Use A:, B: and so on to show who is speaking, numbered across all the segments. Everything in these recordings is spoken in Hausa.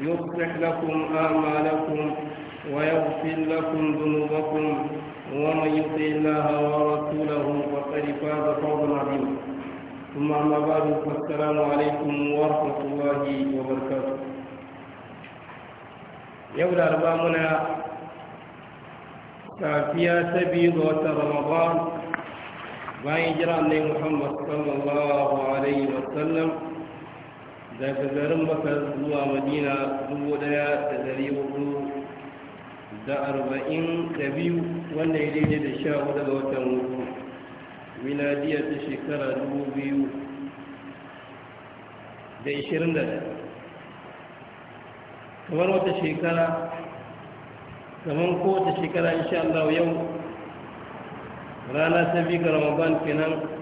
A: يصلح لكم أعمالكم ويغفر لكم ذنوبكم ومن يطع الله ورسوله فقد فاز فوزا عظيما ثم أما بعد فالسلام عليكم ورحمة الله وبركاته يولى ربامنا منا كافية سبيل وتر رمضان bayan jira محمد صلى الله عليه وسلم daga garin makar zuwa madina dubu daya da dari hudu da arba'in da biyu wanda ya daidai da sha hudu ga watan hudu miladiyar ta shekara dubu biyu da ishirin da kamar wata shekara kamar kowace shekara insha Allah yau rana ta biyu ga ramadan kenan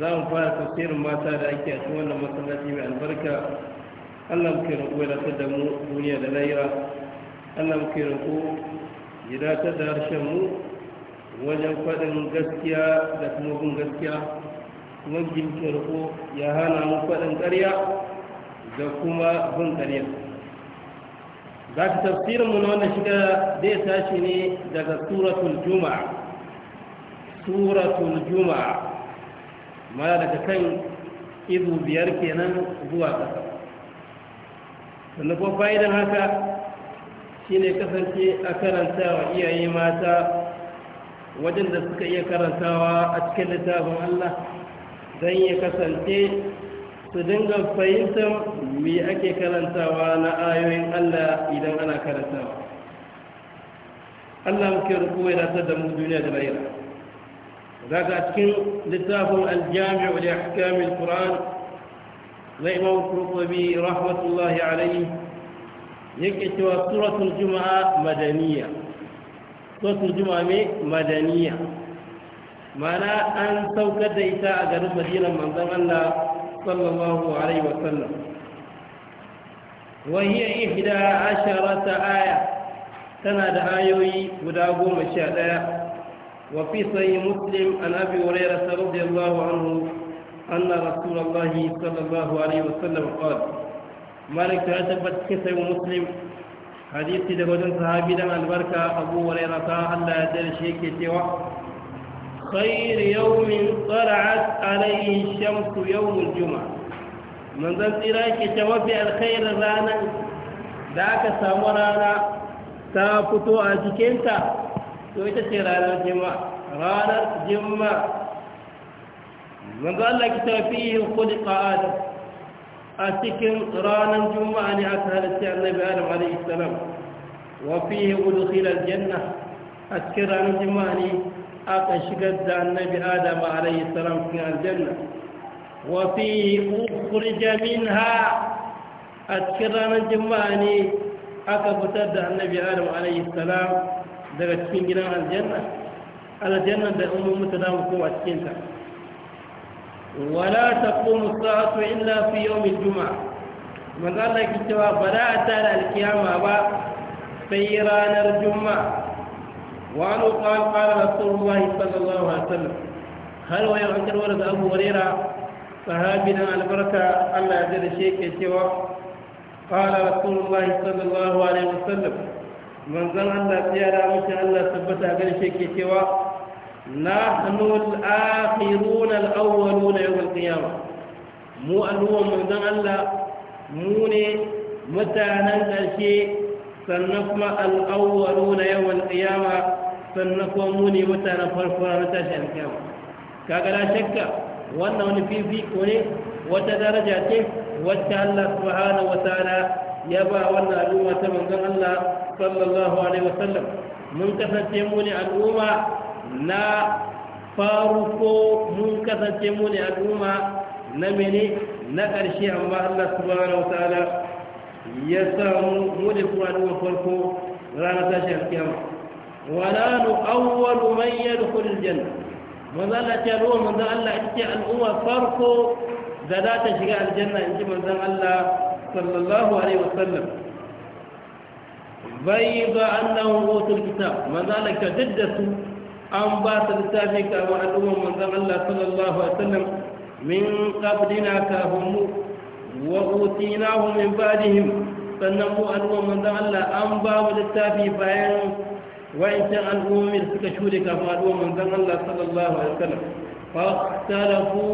A: za mu fara tafsirin mata da ake a cikin wannan masallaci mai albarka Allah muke roƙo ya dace da mu duniya da lahira Allah mu muke roƙo ya dace da harshen mu wajen faɗin gaskiya da kuma bin gaskiya kuma muke roƙo ya hana mu faɗin ƙarya da kuma bin ƙarya za ka tafsirin mu na wannan shiga zai tashi ne daga suratul juma'a suratul juma'a mana daga kan ido biyar kenan zuwa ƙasa sannan fa'idan haka shi ne kasance a karanta wa iyaye mata wajen da suka iya karantawa a cikin littafin Allah don ya kasance su dinga fahimtar me ake karantawa na ayoyin Allah idan ana karantawa Allah muke rukuwa ya datar da mu duniya da bayyana daga cikin littafin aljami wa al’akamil ƙuran na imam kurkobi rahmatullahi alayhi yake cewa suratun juma’a madaniya suratun juma’a mai madaniya mana an saukar da ita a garin madinan manzan Allah sallallahu alaihi wasallam wahiyar ihida a sharata aya tana da ayoyi guda goma sha ɗaya. وفي صحيح مسلم عن أبي هريرة رضي الله عنه أن رسول الله صلى الله عليه وسلم قال مالك تعتبت كسي مسلم حديث دهوجن صحابي دم البركة أبو هريرة الله يدل شيء كتوى خير يوم طلعت عليه الشمس يوم الجمعة من ذن إراك توفي الخير رانا ذاك سامرانا تافتو أجكنتا to ita ce ranar jima'a ranar jima'a manzo Allah ki tafi khuliqa adam a cikin ranar juma'a ne aka halitta annabi adam alaihi salam wa fihi udkhila aljanna a cikin ranar jima'a ne aka shigar da annabi adam alaihi salam cikin aljanna wa fihi ukhrija minha a cikin ranar jima'a ne aka fitar da annabi adam alaihi salam daga cikin gidan aljanna aljanna da ummu mutu za mu koma cikinta wala taqumu sa'atu illa fi yawmil juma'a manzo Allah ki cewa ba za a tada alkiyama ba sai ranar juma'a wa an qala qala rasulullah sallallahu alaihi wasallam har wa an karwar da Abu Huraira sahabin albarka Allah ya da shi ke cewa qala rasulullah sallallahu alaihi wasallam Manzan Allah ya da mace Allah tabbata ga shi ke cewa nahnu al-akhirun al na yawm al mu alwan manzan Allah mu ne mutanen ƙarshe sannan kuma al na yawm al sannan kuma mu ne mutanen farko na tashi al-qiyamah kaga la shakka wannan wani fifiko ne wata daraja ce wacce Allah subhanahu wa ta'ala ya ba wannan al'umma ta manzon Allah sallallahu alaihi wasallam mun kasance mu ne al'umma na faruko mun kasance mu ne al'umma na mene na ƙarshe amma Allah subhanahu wa ta'ala ya samu mu ne kuma al'umma farko ranar tashi alkiyama wala nu awwalu man yadkhul aljanna manzo Allah ya ruwa manzo Allah ya ce al'umma farko da za ta shiga aljanna in ji manzon Allah sallallahu alaihi wasallam bai ba an utul kitab manzo Allah ka dadda su an ba su littafi kamar al'ummar manzon Allah sallallahu alaihi wasallam min qablina ka hum wa utinahu min ba'dihim sannan mu al'ummar manzon Allah an ba mu littafi bayan wa'incan al'ummar suka shude kamar al'ummar manzon Allah sallallahu alaihi wasallam fa ikhtalafu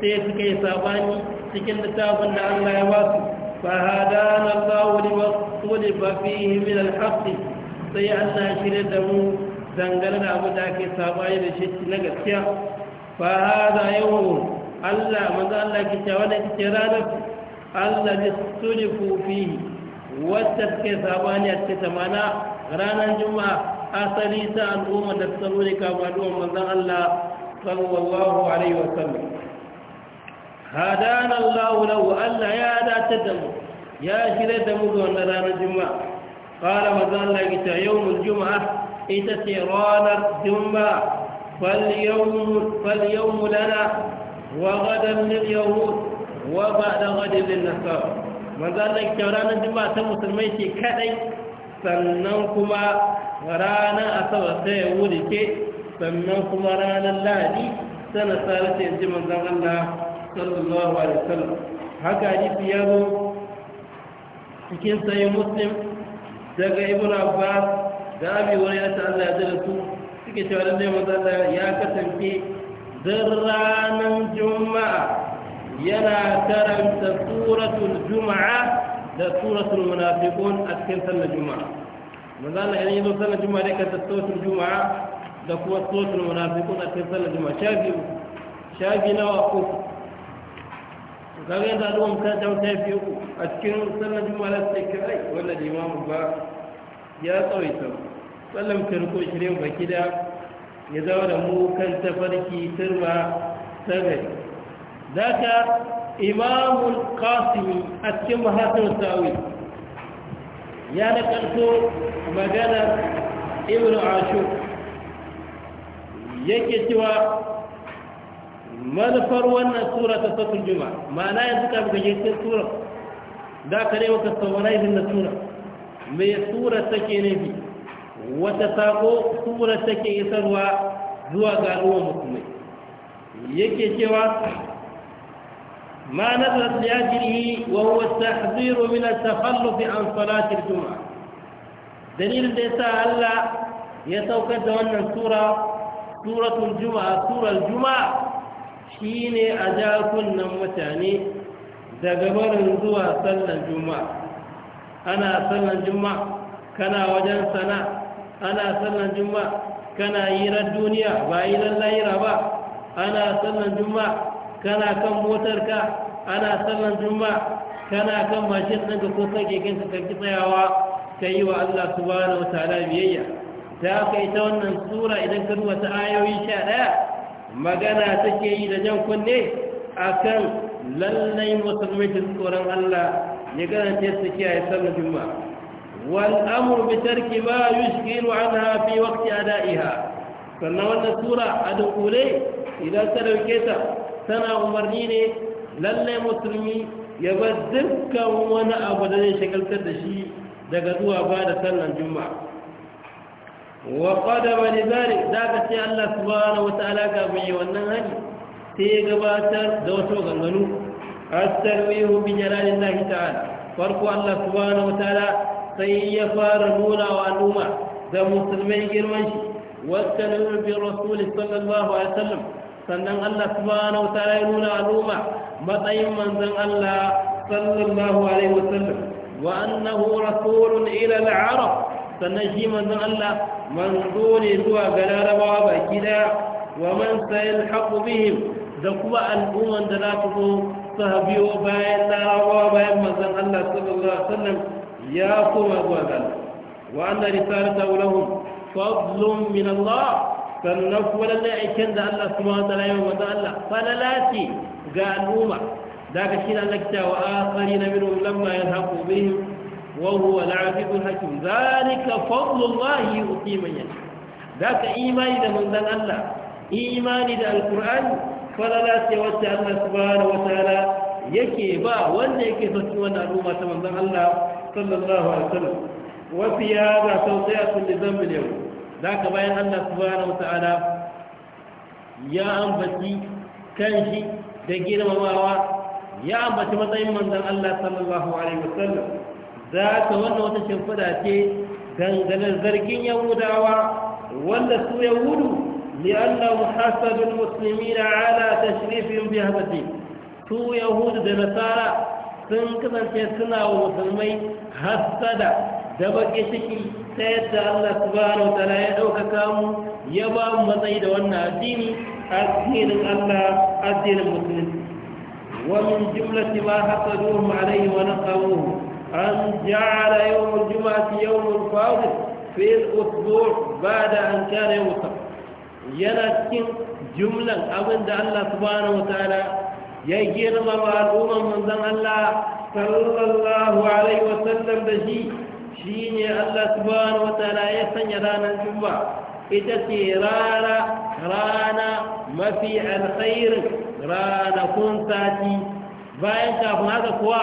A: sai suka yi sabani cikin littafin da Allah ya ba فهدانا الله لما اختلف فيه من الحق sai Allah shirya da mu dangane da abu da ake sabani da shi na gaskiya fa hada yawm Allah manzo Allah ki ta wanda ki ranar Allah bi sulifu fi wata ke sabani a cikin ranar juma'a asali ta al'umma da tsaro ne kama Allah hadana Allah lahu Allah ya datar da mu ya shirya da mu ga wannan ranar juma'a qala manzo Allah kita yawmul juma'a ita ce ranar juma'a fal yawm fal yawm lana wa gadan lil yahud wa ba'da gadan lin nasara Man Allah kita ranar juma'a ta musulmai ce kadai sannan kuma ranar asabar ta wuri ke sannan kuma ranar lahadi sana sarata yanzu manzon Allah صلى الله عليه وسلم هكا حديث يابو كنت سيد مسلم دقى ابن عباس دابي وليلة الله يدرسو سيكي شوال الله يمزال يا كتن في ذران الجمعة ينا ترم سورة الجمعة ده سورة المنافقون أتكن سنة الجمعة مزال يعني إذا سنة الجمعة لك تستوت الجمعة ده قوة سورة المنافقون أتكن سنة الجمعة شاكي شاكي نوى kaga yanzu al'uwan ta jawo ta fi uku a cikin sallar juma'a da ta kai wannan limamu ba ya tsawaita sallar farko shirin baki da ya zama da mu kan tafarki turba ta gari za ka imamun kasimi a cikin mahatar sa'awi ya da kanto maganar ibn ashur yake cewa manufar wannan sura ta satun juma ma'ana yanzu ka bi gaje da ka dai wata summarizing na tura. me sura take nufi wata sako sura take isarwa zuwa ga al'ummar musulmai yake cewa ما نزلت لأجله وهو التحذير من التخلف عن صلاة ya دليل ليس ألا يتوكد أن سورة سورة juma'a سورة juma'a? shi ne a ja kunnan mutane daga barin zuwa sallan juma'a ana sallan juma'a kana wajen sana ana sallan juma'a kana hirar duniya ba yirar layira ba ana sallan juma'a kana kan motarka ana sallan juma'a kana kan mashin ɗinka ko kan kekenka ka ki tsayawa ka yi wa Allah subhanahu wa ta'ala biyayya da aka yi ta wannan sura idan ka rubuta ayoyi sha ɗaya magana take yi da jan kunne A kan lallai musulmai tsoron Allah ya garanta su kiyaye sallar juma'a wal amru bi tarki ma yushkilu anha fi waqti ada'iha sannan wannan sura a dukule idan ta dauke ta tana umarni ne lallai musulmi ya bar dukkan wani abu da zai shagaltar da shi daga zuwa ba da sallar juma'a wa qadama li za ka sai Allah subhanahu wataala ga bai wannan hali sai ya gabatar da wasu ganganu at-tarwihu bi jalalillahi ta'ala farko Allah subhanahu wataala sai ya fara nuna wa al'umma da musulmai girman shi wasu bi rasul sallallahu alaihi wasallam sannan Allah subhanahu wataala ya nuna al'umma matsayin manzon Allah sallallahu alaihi wasallam wa annahu rasulun ila al-arab sannan shi manzon Allah manzo ne zuwa ga larabawa baki daya wa man sayalhaqu bihim da kuma al'umman da za ta zo su biyo bayan larabawa bayan manzon Allah sallallahu alaihi wasallam ya koma zuwa ga wa anna risalatahu lahum fadlun min Allah sannan kuma lallai aikin da Allah subhanahu wa ta'ala ya manzon Allah falalati ga al'umma da ka shi Allah ta wa akharina minhum lamma yalhaqu bihim وهو العزيز الحكيم ذلك فضل الله يؤتي من يشاء ذاك ايماني ده من دان الله ايماني ده القران فلا لا سوى الله سبحانه وتعالى yake ba wanda yake sauki wannan al'umma ta manzon Allah sallallahu alaihi wasallam wa siyaba sawtiyatun li dhanbi yaw daka bayan Allah ya ambaci da girmamawa ya ambaci matsayin manzon Allah za ka wannan wata shimfiɗa ce dangane zargin yahudawa wanda su yahudu li'annahu hasadul muslimina ala tashrifin bi hadati su yahudu da nasara sun kasance suna wa musulmai hasada da baki ciki ta yadda Allah subhanahu wa ta'ala ya ɗaukaka mu ya ba mu matsayi da wannan addini addinin Allah addinin musulunci wa min jumlati ma hasaduhum alayhi wa naqabuhu أن جعل يوم الجمعة يوم فاضل في الأسبوع بعد أن كان يوم السبت yana cikin jumlan abin da Allah subhanahu ya girma ma al'umman manzon Allah sallallahu alaihi wa da shi shine Allah subhanahu wa ya sanya ranar jumma ita ce rana rana mafi alkhairin ranakun sati bayan kafin haka kuwa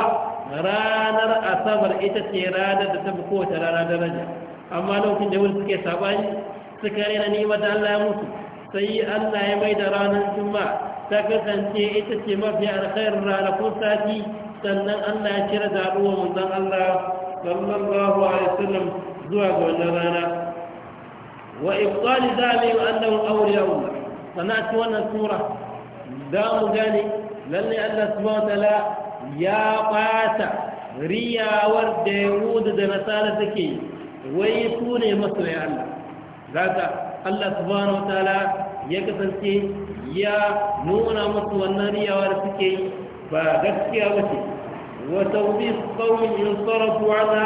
A: ranar asabar ita ce ranar da ta fi kowace rana daraja amma lokacin da wani suke sabani suka rena nima da Allah ya mutu sai Allah ya mai da ranar juma'a ta kasance ita ce mafi alkhairar ranakun sati sannan Allah ya cire zaɓuwa manzon Allah sallallahu alaihi wasallam zuwa ga wannan rana wa ibtali zalim annahu awliya Allah sana'ati wannan sura da mu gane lalle Allah subhanahu wa ta'ala ya ɓata riyawar da yahuda da nasara take yi wai su ne masoya Allah za ka Allah subhanahu wa ta'ala ya kasance ya nuna musu wannan riyawar suke yi ba gaskiya ba ce wata wuzi kawai in sarrafu ana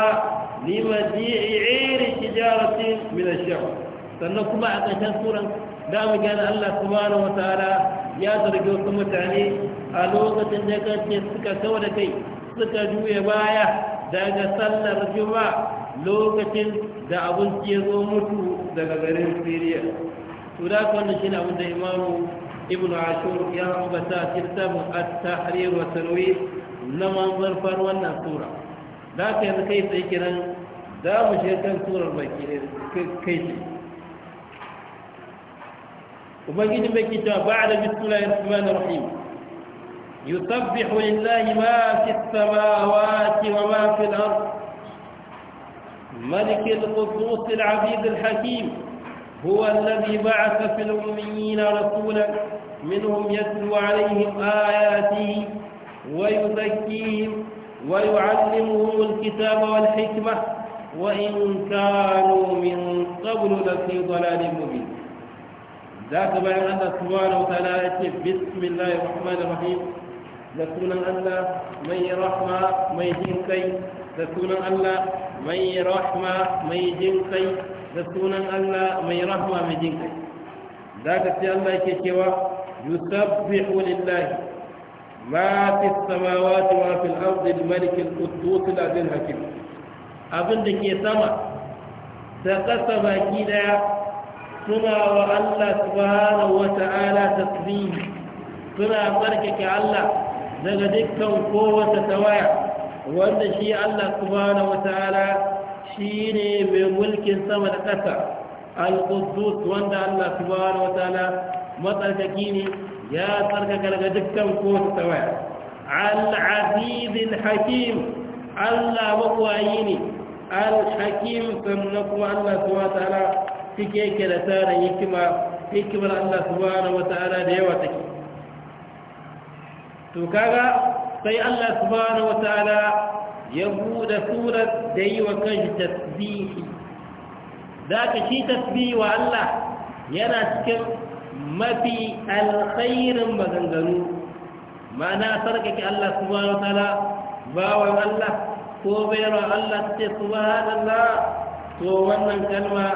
A: lima ji'i iri tijaratin min ash sannan kuma a ƙarshen suran da mu Allah subhanahu wa ta'ala ya zargi wasu mutane a lokacin da kace suka kawo da kai suka juya baya daga sallar juma lokacin da abinci ya zo mutu daga garin siriya to da shi shine abin da imamu ibnu ashur ya ambata kitabun at-tahrir wa tanwir na manzar far wannan sura da ka yanzu kai sai kiran za mu je kan surar baki ne kai ce ubangiji bai kita ba da bismillahir rahmanir rahim يسبح لله ما في السماوات وما في الأرض ملك القدوس العزيز الحكيم هو الذي بعث في الأميين رسولا منهم يتلو عليهم آياته ويزكيهم ويعلمهم الكتاب والحكمة وإن كانوا من قبل لفي ضلال مبين ذات بيان سبحانه وتعالى بسم الله الرحمن الرحيم da sunan Allah mai rahma mai jin kai da sunan Allah mai rahma mai jin kai da sunan Allah mai rahma mai jin kai da ka sai Allah yake cewa yusabbihu lillahi ma fi samawati wa fil ardi al hakim abin da ke sama da kasa baki daya suna wa Allah subhanahu wa ta'ala suna barkake Allah daga dukkan kowace tawaya wanda shi Allah subhanahu wata'ala shi ne mai mulkin sama da ƙasa al-qudus wanda Allah subhanahu wata'ala matsarkaki ne ya tsarkaka daga dukkan kowace tawaya al-aziz al-hakim Allah mawayi ne al-hakim sannan kuma Allah subhanahu wata'ala cike yake da tsarin hikima hikimar Allah subhanahu wata'ala da yawa take to kaga sai Allah subhanahu wataala ya bude surar da yi wa kanshi tasbihi zaka shi tasbihi wa Allah yana cikin mafi alkhairin maganganu Mana sarkake Allah subhanahu wataala bawan Allah ko bayarwa Allah ce subhanallah to wannan kalma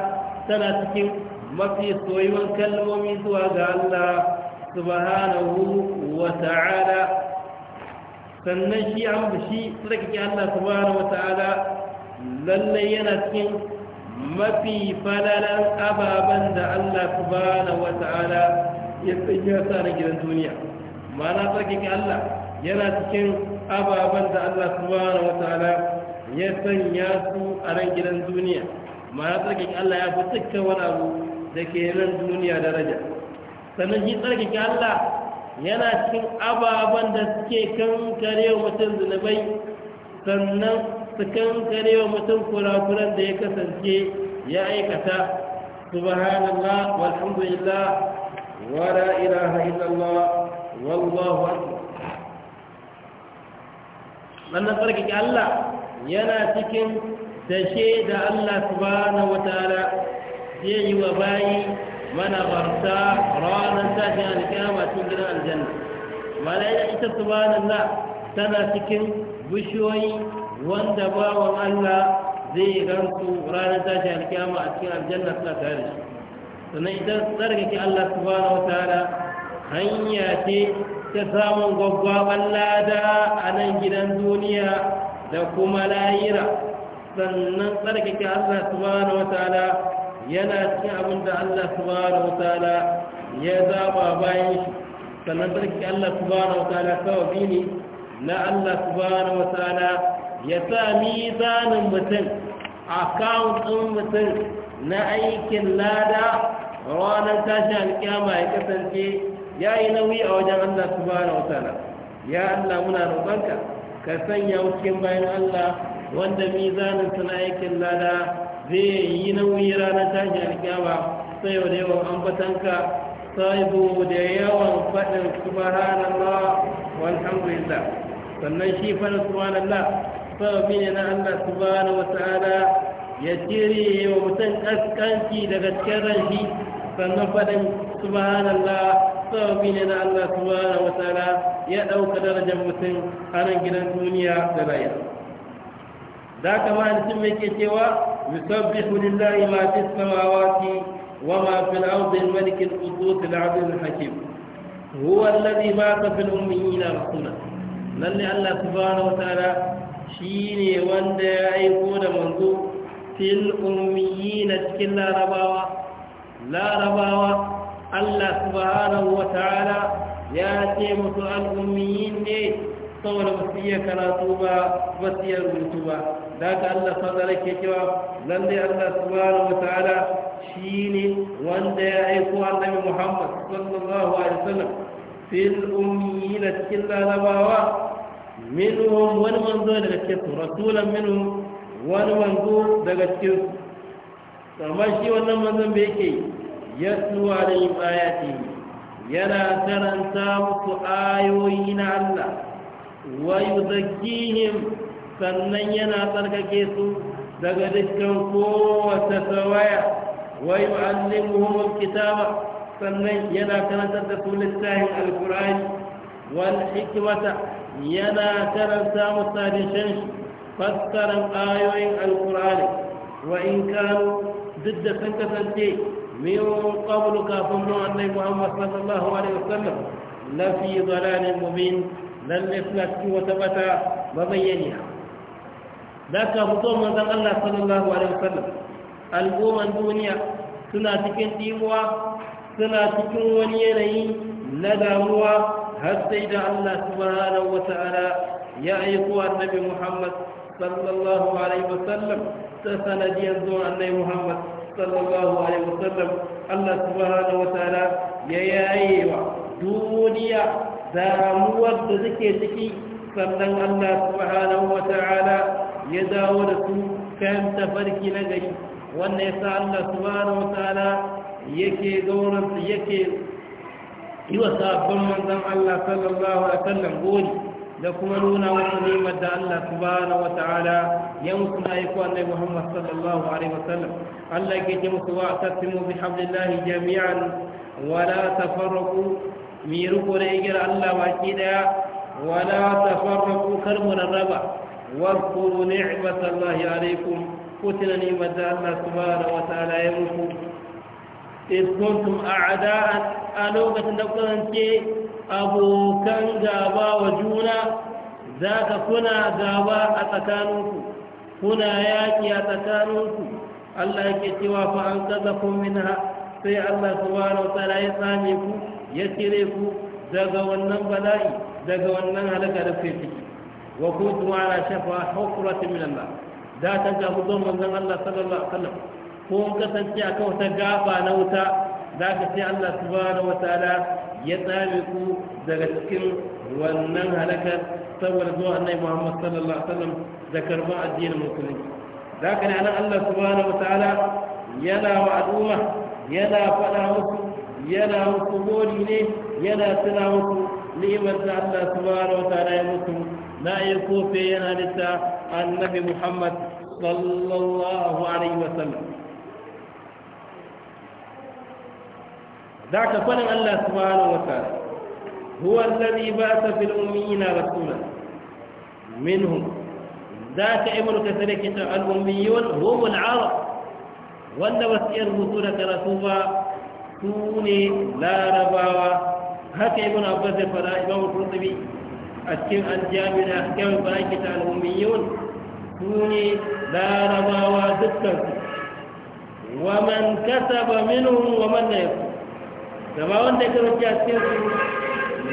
A: tana cikin mafi soyuwan kalmomi zuwa ga Allah subhanahu wa ta'ala sannan shi an bishi tsarkake Allah subhanahu wa ta'ala lallai yana cikin mafi falalan ababen da Allah subhanahu wa ta'ala ya tsaye sa na gidan duniya ma'ana tsarkake Allah yana cikin ababen da Allah subhanahu wa ta'ala ya sanya su a ran gidan duniya ma'ana tsarkake Allah ya fi dukkan wani abu da ke nan duniya daraja sannan shi tsarkake Allah yana cikin ababen da suke kankare wa mutum zunubai sannan su kankare wa mutum kurakuran da ya kasance ya aikata subhanallah walhamdulillah wala ilaha illallah wallahu akbar Sannan tsarkake Allah yana cikin dashe da Allah subhanahu wataala zai yi wa bayi Mana manabarta ranar tashin alkiyama cikin gidan aljanna malaika ita su na tana cikin bishiyoyi wanda bawan Allah zai gansu ranar tashin alkiyama a cikin aljanna suna tare da shi sannan ita tsarkake Allah su wata wataala hanya ce ta samun gwaggwaban lada a nan gidan duniya da kuma layira sannan tsarkake Allah su wata wataala yana cikin abin da Allah subhanahu wa ta'ala ya zaba bayan shi sannan sarki Allah subhanahu wa ta'ala sawabi ne na Allah subhanahu wa ta'ala ya sa mizanin mutum account ɗin mutum na aikin lada ranar tashin alkiyama ya kasance ya yi nauyi a wajen Allah subhanahu wa ta'ala ya Allah muna roƙonka ka sanya cikin bayan Allah wanda mizanin na aikin lada zai yi nauyi ranar tashin alkiyama sai da yawan ambatanka da yawan faɗin subhanallah walhamdulillah sannan shi faɗin subhanallah sababi ne na Allah subhanahu wata'ala ya tiri wa mutum kaskanci daga cikin ranshi sannan faɗin subhanallah sababi ne na Allah subhanahu wata'ala ya ɗauka darajar mutum a nan gidan duniya da rayuwa da kama mutum yake cewa يسبح لله ما في السماوات وما في الأرض الملك القدوس العزيز الحكيم هو الذي مات في الأميين رسولا لأن الله سبحانه وتعالى شيني وند يكون منذ في الأميين كلا رباوة لا رباوة الله سبحانه وتعالى ياتي مسؤال الأميين صور وسيا كراتوبا وسيا رتوبا da ka Allah sallallahu ke cewa lalle Allah subhanahu ta'ala shine wanda ya aiko annabi Muhammad sallallahu alaihi wasallam fil ummiyin cikin larabawa minhum wani manzo daga cikin su rasulan minhum wani manzo daga cikin su shi wannan manzon bai yake yatlu alaihim ayati yana karanta muku ayoyi na Allah wa yuzakkihim sannan yana tsarkake su daga dukkan kowace tawaya wa yu'allimuhum kitaba. sannan yana karantar da su littafin alqur'ani Wani hikimata yana karanta musu hadisan shi fassaran ayoyin alqur'ani wa in kanu duk da sun kasance min qablu kafin nan, allai Muhammad sallallahu alaihi wasallam la fi dhalalin mubin lalle suna cikin wata bata mabayyaniya da ka fito manzon Allah sallallahu alaihi wasallam al'umman duniya suna cikin dimuwa suna cikin wani yanayi na damuwa har sai da Allah subhanahu wata'ala ya aiko annabi Muhammad sallallahu alaihi wasallam ta sanadiyar zuwa annabi Muhammad sallallahu alaihi wasallam Allah subhanahu wata'ala ya yayewa duniya damuwar da take ciki sannan Allah subhanahu wata'ala ya dawo da su kan tafarki na gari wannan ya sa Allah subhanahu wataala yake gauran yake yi wa sabon manzon Allah sallallahu alaihi wasallam gori da kuma nuna wasu nemar da Allah subhanahu wataala ya musu na yi kuwa Muhammad sallallahu alaihi wasallam Allah ke ce musu wa tasimu bi hablillahi jami'an wala tafarraqu mi ruko da igira Allah baki daya wala tafarraqu kar mu raba واذكروا نعمة الله عليكم كتن نعمة الله سبحانه وتعالى يمكم إذ كنتم أعداء ألوكة لقلنك أبو كان جابا وجونا ذاك كنا جابا أتكانوكم كنا ياكي أتكانوكم الله يكتوا فأنقذكم منها في الله سبحانه وتعالى ya same ذاك والنبلاء ذاك والنبلاء لك رفيتكم وكنتم على شفا حفرة من النار da ta gabu don manzon Allah sallallahu alaihi wasallam ko kasance a kan wata gaba na wuta za ka ce Allah subhanahu wataala ya tsare ku daga cikin wannan halakar saboda zuwa annabi Muhammad sallallahu da karban addinin musulunci za ka ne nan Allah subhanahu wataala yana al'umma yana faɗa musu yana musu ne yana tuna musu ni'imar da Allah ya na aiko sai yana nita annabi muhammad sallallahu alaihi wasallam ذاك فلن الله سبحانه وتعالى هو الذي بعث في الأميين رسولا منهم ذاك ابن كثير الأميون هم العرب wanda ba su iya rubutu da karatu ba su larabawa haka ibn a cikin aljami na kyawun baki ta al'ummiyyun su ne larabawa dukkan su wa man kasa ba minhum wa man la yakun gama wanda ya karfi a cikin su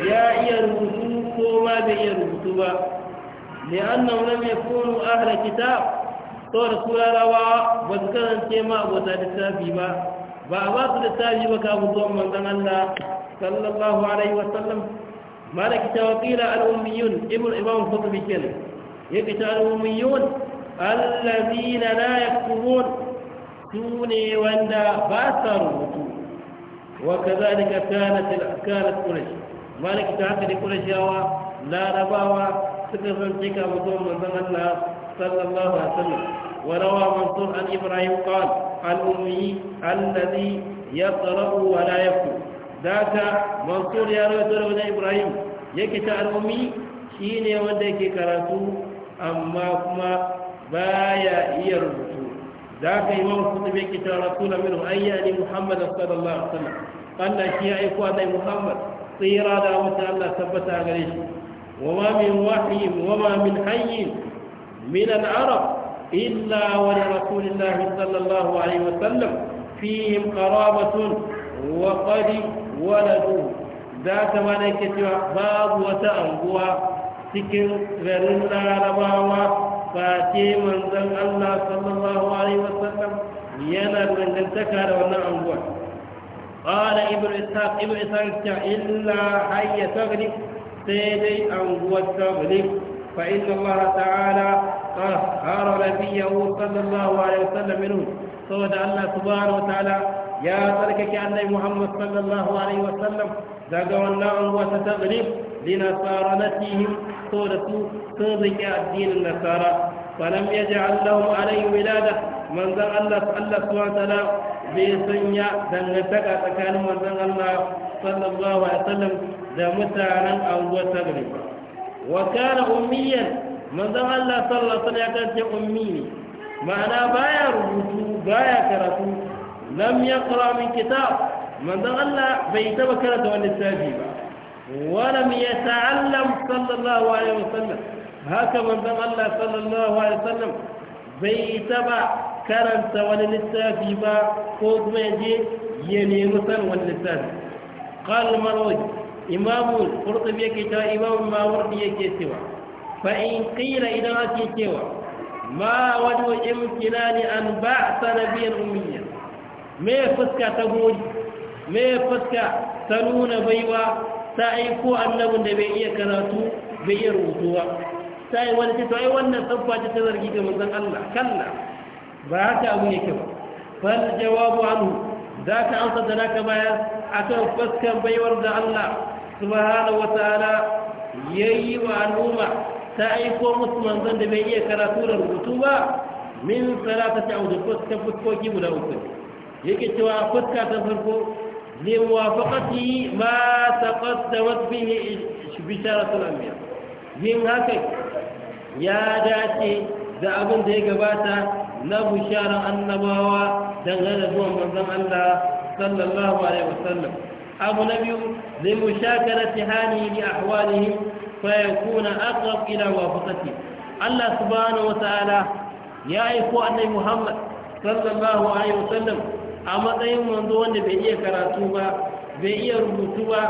A: ya iya rubutu ko ma bai iya rubutu ba li'annahu lam yakunu ahla kitab saboda su larabawa ba su karance ma abota littafi ba ba a ba su littafi ba kafin zuwan manzan Allah sallallahu alaihi wasallam malaki ta wakila al'ummiyun ibn imam kutubi kenan yake ta al'ummiyun allazina la yaktubun sune wanda ba sa rubutu wa kazalika kanat kanat quraish malaki ta haka ne qurayshawa larabawa suka zance cika mutum manzon Allah sallallahu alaihi wasallam wa rawa mansur an ibrahim qala al-ummi alladhi yaqra'u wa la yaktub da haka mansur ya rawaito da wajen ibrahim yake ta al'ummi shi ne wanda yake karatu amma kuma baya iya rubutu da haka imam kutubi yake ta rasula min ayyani muhammad sallallahu alaihi wasallam Allah shi ya aiko annabi muhammad tsira da mutum Allah tabbata gare shi وما من وحي وما من حي من illa إلا ولرسول الله صلى الله عليه وسلم فيهم قرابة وقد waladu za ta mana yake cewa babu wata anguwa cikin garin larabawa ba ce manzan Allah sallallahu alaihi wasallam yana dangantaka da wannan anguwa qala ibnu ishaq ibnu ishaq ta illa hayya taghlib sai dai anguwar taghlib fa inna Allah ta'ala qahara nabiyyahu sallallahu alaihi wasallam minhu saboda Allah subhanahu wa ta'ala ya tsarkake annai muhammad sallallahu alaihi wasallam daga wannan anguwa ta tagrib linasara natihim so da su sun rike addinin nasara falam yaj'al lahum alaihi wilada manzon Allah Allah subhanahu wa bai sanya dangantaka tsakanin manzon Allah sallallahu alaihi wasallam da mutanen anguwa tagrib wa kana ummiyan manzan Allah sallallahu alaihi wasallam ya kace ummi ma'ana baya rubutu baya karatu lam yaqra min kitab manzon Allah bai taba karanta wani littafi ba wala mi yata'allam sallallahu alaihi wasallam haka manzon Allah sallallahu alaihi wasallam bai taba karanta wani littafi ba ko kuma ya yaje ya nemi san wani littafi qal marwaji imamu qurtubi yake ta imamu ya ke cewa fa in qila idan ake cewa ma wajen imkinani an ba ba'sa nabiyyan ummiyan me fuska ta goji me fuska ta nuna baiwa ta aiko annabin da bai iya karatu bai iya rubutu ba ta yi wani ce to ai wannan tsabba ce ta zargi ga manzon Allah kalla ba haka abu yake ba fal jawabu anhu za ka amsa da naka baya kan fuskan baiwar da Allah subhanahu ya yayi wa al'umma ta aiko musu manzan da bai iya karatu da rubutu ba min salatati aw da fuskoki guda uku yake cewa fuska ta farko ne muwafaqati ma taqaddamat bihi bisharatul anbiya yin haka ya dace da abin da ya gabata na bisharar annabawa dangane zuwan manzon Allah sallallahu alaihi wasallam abu na biyu zai mushakarati hali li ahwalihim fa yakuna aqrab ila wafaqati Allah subhanahu wa ta'ala ya aiko annabi Muhammad sallallahu alaihi wasallam a matsayin wanzu wanda bai iya karatu ba bai iya rubutu ba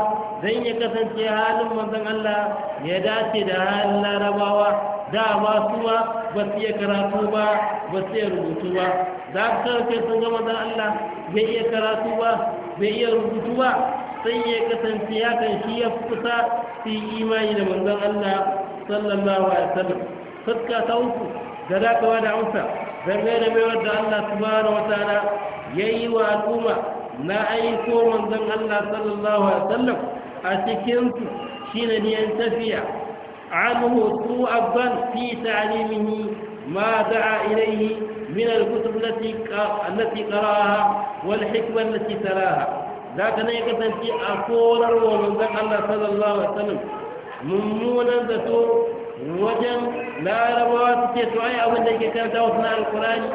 A: zan iya kasance halin manzon Allah ya dace da halin larabawa dama su ba ba su iya karatu ba ba su iya rubutu ba za ka kasance sun ga manzon Allah bai iya karatu ba bai iya rubutu ba sai ya kasance ya kan shi ya fusa, su imani da manzon Allah sallallahu alaihi wasallam fuska ta uku da dakawa da amsa dangane da mai wadda Allah subhanahu wataala ya yi wa al’umma na aiko manzan Allah sallallahu Alaihi wasallam a cikin shi ne niyan tafiya an hutu abban fi talimini ma za a ilayi min alkutub na tikaraha walhikwar na tikaraha za ka ne kasance a korarwa manzan Allah sallallahu Alaihi wasallam mummunan da wajen larabawa suke to ai abin da yake karanta wasu na alkurani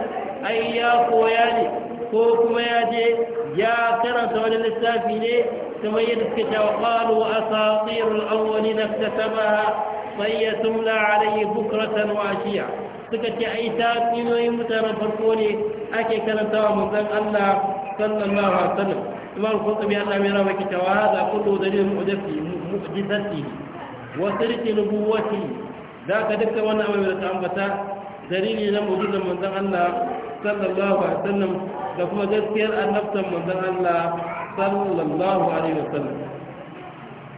A: ai ya koya ne كوكو ياجي يا كرسو للسافيني ثم يدكت وقالوا أساطير الأولين اكتسبها فهي تملى عليه بكرة وعشية سكت عيساك إنه يمتر فرقوني أكي كان توام ذن الله صلى الله عليه وسلم ثم الخطب بأن أمير وكت وهذا كله دليل مؤدفي مؤدفتي وسرت نبوتي ذاك دكت وانا أمير تعمبتا دليل لم وجود من ذن الله صلى الله عليه وسلم da kuma gaskiyar annabtan manzon Allah sallallahu alaihi wasallam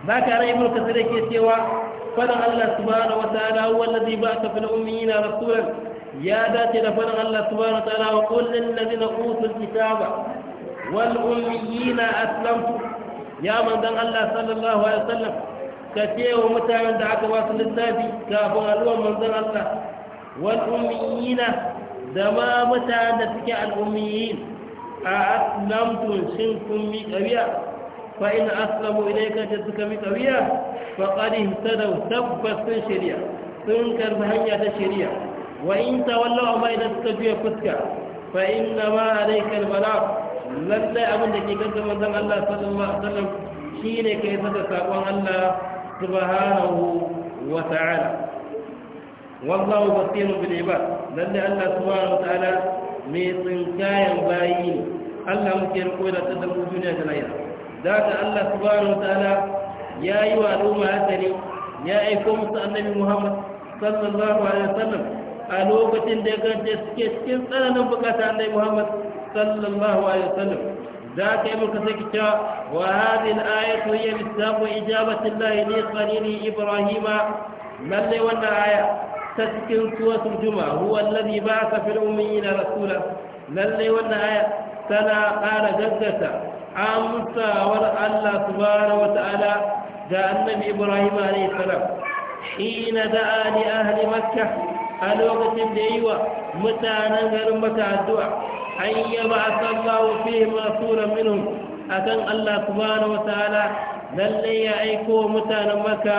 A: za ka rai mulka sai ke cewa fadan Allah subhanahu wataala wallazi ba'atha fil ummiyina rasulan ya dace da fadan Allah subhanahu wataala wa qul lil ladina utul kitaba wal ummiyina aslamtu ya manzon Allah sallallahu alaihi wa sallam. ka ce wa mutanen da aka ba su littafi kafin al'ummar manzon Allah wal ummiyina da ma mutanen da suke al'ummiyin a aslamtun shin kun mi ƙariya fa in aslamu ilaika da suka mi ƙariya fa ƙarin sadau tabbas sun shari'a sun karbi hanya ta shari'a wa in ta wallawa mai da suka juya fuska fa ina ma a dai bala lallai abin da ke gaggar manzan Allah sallallahu alaihi shi ne kai saka sakon Allah subhanahu wa ta'ala wallahu basirun bil ibad lalle Allah subhanahu wataala mai tsinkayen bayi ne Allah muke riko da ta dabu duniya da lahira da ta Allah subhanahu ta'ala ya yi wa al'umma hasari ya aiko musu annabi Muhammad sallallahu alaihi wasallam a lokacin da ya garje suke cikin tsananin bukata annabi Muhammad sallallahu alaihi wasallam ذاك يملك سكتا وهذه الآية هي مستاب إجابة الله li qarini Ibrahim, lalle wannan Aya. ta cikin suwatul juma huwa alladhi ba'atha fil ummiyina rasula lalle wannan aya tana gaggata amsawar Allah subhanahu wata'ala ga annabi Ibrahim alayhi salam hina da'a li ahli makka a lokacin da yi wa mutanen garin maka addu'a an yi ba a sallawa fi masura minun a kan Allah subhanahu wata'ala lallai ya aiko mutanen maka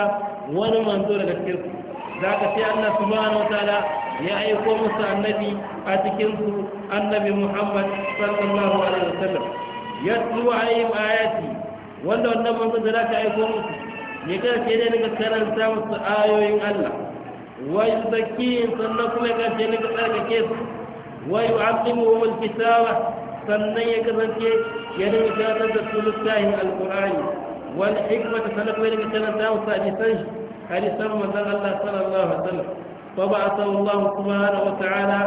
A: wani manzo daga cikinsu za ka sai Allah subhanahu wa ta'ala ya aiko musu annabi a cikin su annabi Muhammad sallallahu alaihi wasallam yatlu alaihim ayati wanda wannan manzo da ka aiko musu ya ga sai dai daga karanta musu ayoyin Allah wa yuzakkiyin sannan kuma ka ga sai daga tsarkake su wa yu'allimuhum kitaba sannan ya kasance ya dinga karantar da su littafin alqur'ani wal hikmata sannan kuma ya dinga karanta musu hadisan shi hadisan manzon Allah sallallahu alaihi wasallam fa ba'atha Allah subhanahu wa ta'ala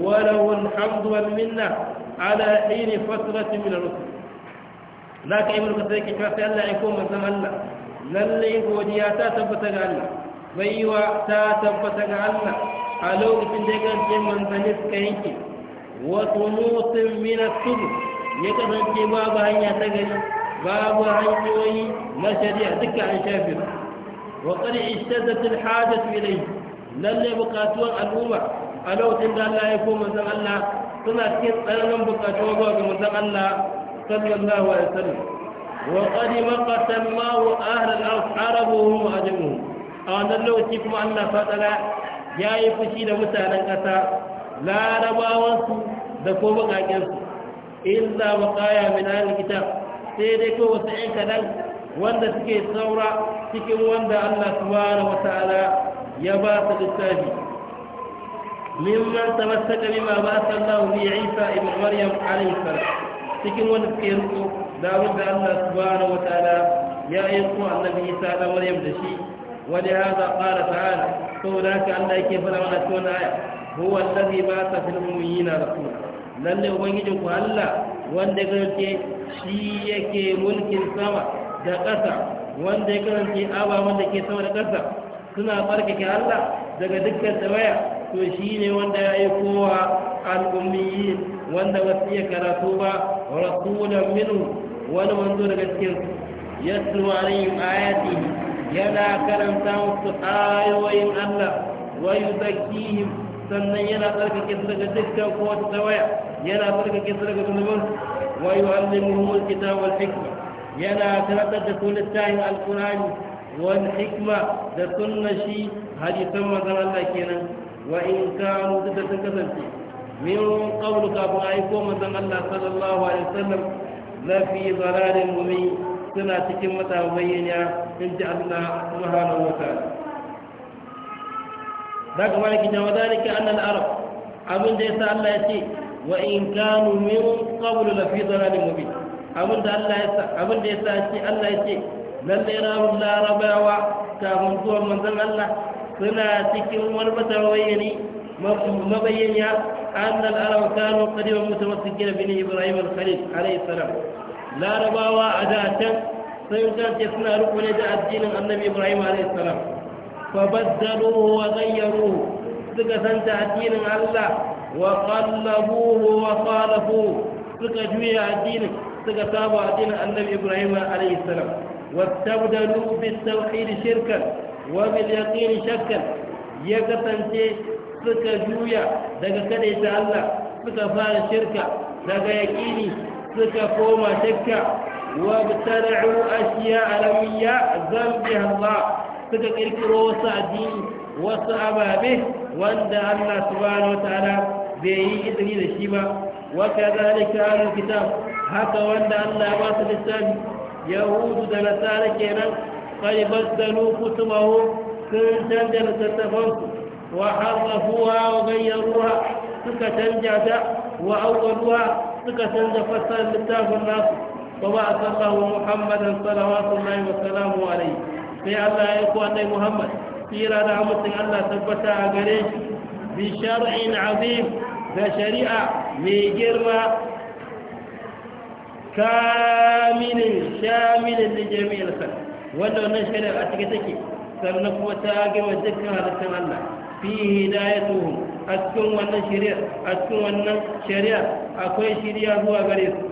A: wa lahu alhamdu wal minna ala hin fatrati min ar-rusul zaka ibnu kasai ke cewa sai Allah ya koma manzon Allah lalle godiya ta tabbata ga Allah baiwa ta tabbata ga Allah a lokacin da ya kasance manzanni suka yanke wasu nutsin minas tudu ya kasance babu hanya ta gari babu hanyoyi na shari'a duka an shafi وقد اشتدت الحاجة إليه لن بقاتوا الأمة ألو تند الله يكون مثل الله سنة كيف أنا لم بقاتوا مثل الله صلى الله عليه وسلم وقدم قد سماه أهل الأرض عربهم وأجمهم أن الله تكم أن فتلا يا يفشي لمتانا كتا لا رباوانس دكوبك أجنس إلا وقايا من أهل الكتاب سيدكو وسعين كذلك wanda suke saura cikin wanda Allah subhanahu wata'ala ya ba su littafi mimman tamassaka bima ba sallahu bi Isa ibn Maryam alayhi salam cikin wanda suke riko da wanda Allah subhanahu wata'ala ya yanko annabi Isa da Maryam da shi wani hada hana? Sau da haka Allah yake fara mana cikin aya huwa allazi ba'atha fil ummiyina rasula lalle ubangijin ku Allah wanda gaske shi yake mulkin sama da ƙasa wanda ya karanta ababen da ke sama da ƙasa suna barkake Allah daga dukkan tawaya to shi ne wanda ya yi kowa al'ummiyi wanda su iya karatu ba rasulan minu wani wanzo daga cikin yasu alayhim ayati yana karanta musu ayoyin Allah wayu zakihim sannan yana tsarkake su daga dukkan kowace tawaya yana tsarkake su daga wayu wa yu'allimuhum ta wal hikma yana tunatar da su littafin alkurani wani hikma da sunna shi hadisan manzon Allah kenan wa in kanu duka sun kasance min qawlu ka bu aiko manzon Allah sallallahu alaihi wasallam la fi dalalin mubin suna cikin mata bayyana in ji Allah Za ka ta'ala daga malaki da wadalika annal arab abin da sa Allah ya ce wa in kanu min qablu la fi dalalin mubin abin da Allah ya sa abin da ya sa shi Allah ya ce lallai rahun larabawa kafin zuwan manzon Allah suna cikin wani matawayyani mabayyaniya an al'arawa kanu kadiban mutamassikin bin ibrahim al-khalil alayhi salam larabawa a da can sai ce suna rukune da addinin annabi ibrahim alayhi salam fa baddaluhu wa ghayyaruhu suka santa addinin Allah wa qallabuhu wa qalafu suka juya addinin suka saba addinin annabi ibrahim alaihi salam wastabdalu bis tauhid shirkan wa bil yaqin shakkan ya kasance suka juya daga kadaita Allah suka fara shirka daga yaqini suka koma shakka wa btara'u ashiya alamiyya zambi Allah suka kirkiro wasu addini wasu ababe wanda Allah subhanahu wa ta'ala bai yi izini da shi ba wa kadhalika al-kitab haka wanda Allah ya ba su littafi yahudu da nasara kenan kai baddanu kutubahu sun canja littattafansu wa harrafuha wa gayyaruha suka canja ta wa awwaluha suka canja fassarar littafin nasu wa ba a sallahu muhammadan salawatullahi wa salamu alaihi sai Allah ya yi annai muhammad tsira da amincin Allah tabbata a gare shi bi shar'in azim da shari'a mai girma kamilin shamilin da jami'ar kan wanda wannan shari'ar a cikin take sannan kuma ta gama dukkan halittar Allah fi hidayatuhum a cikin wannan shari'a a cikin wannan shari'ar akwai shari'a zuwa gare su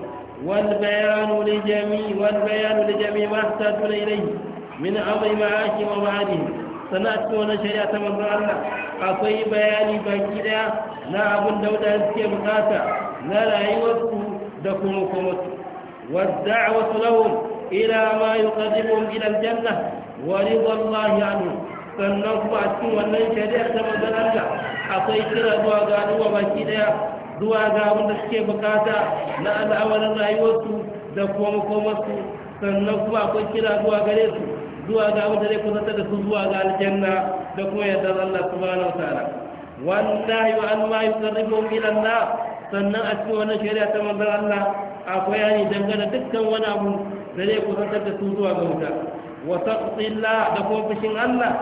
A: wal bayanu li jami'i wal bayanu li jami'i ma tatuna ilayhi min amri ma'ashi wa ma'adihi sannan a cikin wannan shari'a ta manzon Allah akwai bayani baki daya na abin da wadanda suke bukata na rayuwarsu والدعوة لهم إلى ما يقربهم إلى الجنة ورضا الله عنهم sannan kuma a cikin wannan shari'ar ta manzan Allah akwai kira zuwa ga al'umma baki daya zuwa ga abin da suke bukata na al'amarin rayuwarsu da kuma makomarsu sannan kuma akwai kira zuwa gare su zuwa ga abin da zai da su zuwa ga aljanna da kuma yadda Allah subhanahu wa ta'ala wallahi wa an ma yuqarribuhum ila an sannan a cikin wannan shari'a ta manzon Allah akwai yani dangane dukkan wani abu da zai kusantar da su zuwa ga wuta wa taqdillah da kuma fushin Allah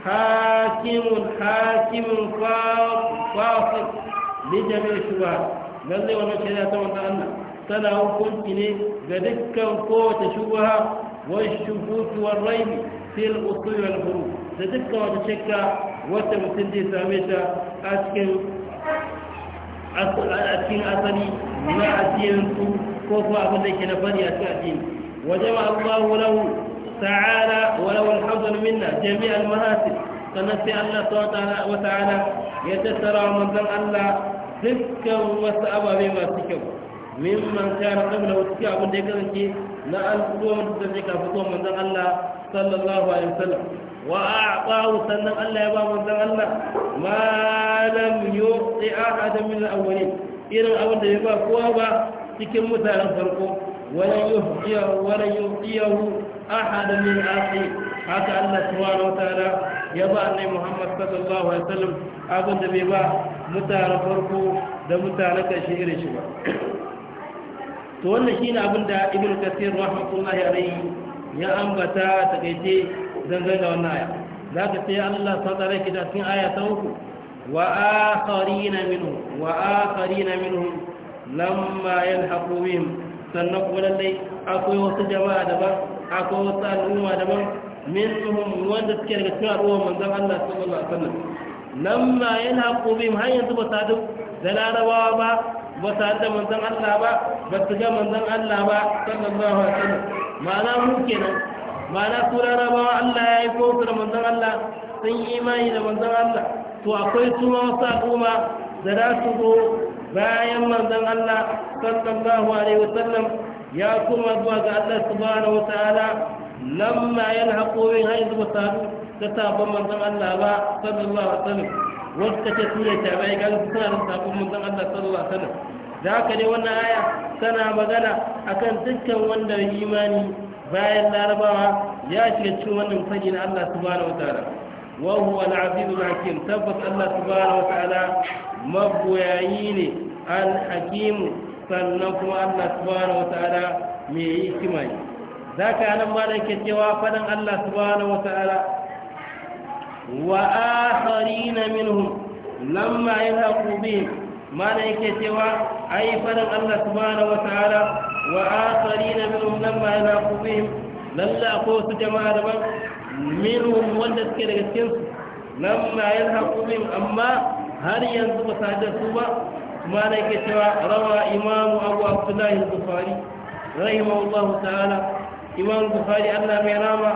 A: hakimun hakimun fasik li jami'i shuba lalle wannan shari'a ta manzon Allah tana hukunci ne ga dukkan kowace shubha wa shubutu wa raimi fil usul wal furu da dukkan wata shakka wata mutum zai same ta a cikin a cikin asali na asiyansu ko kuma abin da ke na fari a cikin asini wajen allahu lahu ta'ala wa lahu alhamdul minna jami'al mahasin sannan sai allah ta'ala wa ta'ala ya tattara wa manzon allah dukkan wasu ababe masu kyau mimman kana qabla wasu abin da ya kasance na al'ummar da zai kafa zuwa manzon allah sallallahu alaihi wasallam wa a'tahu sannan Allah ya ba manzon Allah ma lam yu'ti ahadan min al-awwalin irin abin da ya ba kowa ba cikin mutanen farko wala yuhdiyahu wala yuhdiyahu ahadan min al-akhirin haka Allah subhanahu wa ta'ala ya ba annabi Muhammad sallallahu alaihi wasallam abin da bai ba mutanen farko da mutanen kashi irin shi ba to wannan shine abin da ibnu kathir rahimahullahi alaihi ya ambata ta kaice dangane da wannan aya za ka ce Allah ta tsara ki da cikin aya ta uku wa na minhum wa na minhum lamma yalhaqu bihim sannan kuma lallai akwai wasu jama'a daban akwai wasu al'umma daban min wanda suke daga cikin al'umma manzon Allah sallallahu alaihi wasallam lamma yalhaqu bihim har yanzu ba sadu da larabawa ba ba sadu da manzon Allah ba ba su ga manzon Allah ba sallallahu alaihi wasallam ma'ana mu kenan ma'ana su larabawa Allah ya yi kowace da manzan Allah sun yi imani da manzan Allah to akwai tuma wasu al'umma da za su zo bayan manzan Allah sallallahu alaihi wasallam ya kuma zuwa ga Allah subhanahu wataala lamma yalhaqu min haythu wasadu ta sabon manzan Allah ba sallallahu alaihi wasallam wacce ce su ne tabi'ai ga su suna da sabon manzan Allah sallallahu alaihi wasallam da haka dai wannan aya tana magana akan dukkan wanda imani bayan larabawa ya shiga cikin wannan fage na Allah subhanahu wataala wa huwa al-azizul hakim tabbas Allah subhanahu wataala magoyayi ne al-hakim sannan kuma Allah subhanahu wataala mai hikima ne zaka nan ma da ke cewa fadan Allah subhanahu wataala wa akharina minhum lamma yahqu bihim mana yake cewa ai farin Allah subhanahu wataala wa akharina minhum lamma yalaqu bihim lalla ko su jama'a da daban minhum wanda suke daga cikin su lamma yalaqu bihim amma har yanzu ba sa da su ba mana yake cewa rawa imam Abu Abdullah al-Bukhari rahimahullahu ta'ala imam Bukhari Allah mai rama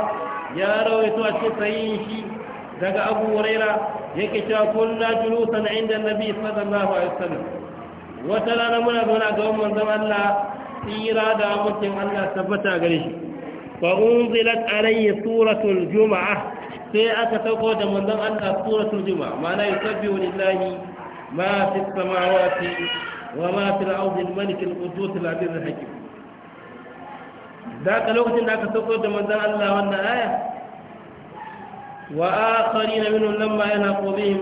A: ya rawaito a cikin sahihin shi daga Abu Hurairah yake cewa na julusan inda nabi sallallahu alaihi wasallam wata rana muna zo a gaban manzon Allah tsira da mutum Allah tabbata gare shi fa unzilat alayhi suratul juma'a sai aka sauko da manzon Allah suratul juma'a ma'ana yusabbihu lillahi ma fi samawati wa ma fi al-ardi al-malik al-qudus al-aziz al-hakim da ka lokacin da aka sauko da manzon Allah wannan aya وآخرين منهم لما يلحقوا بهم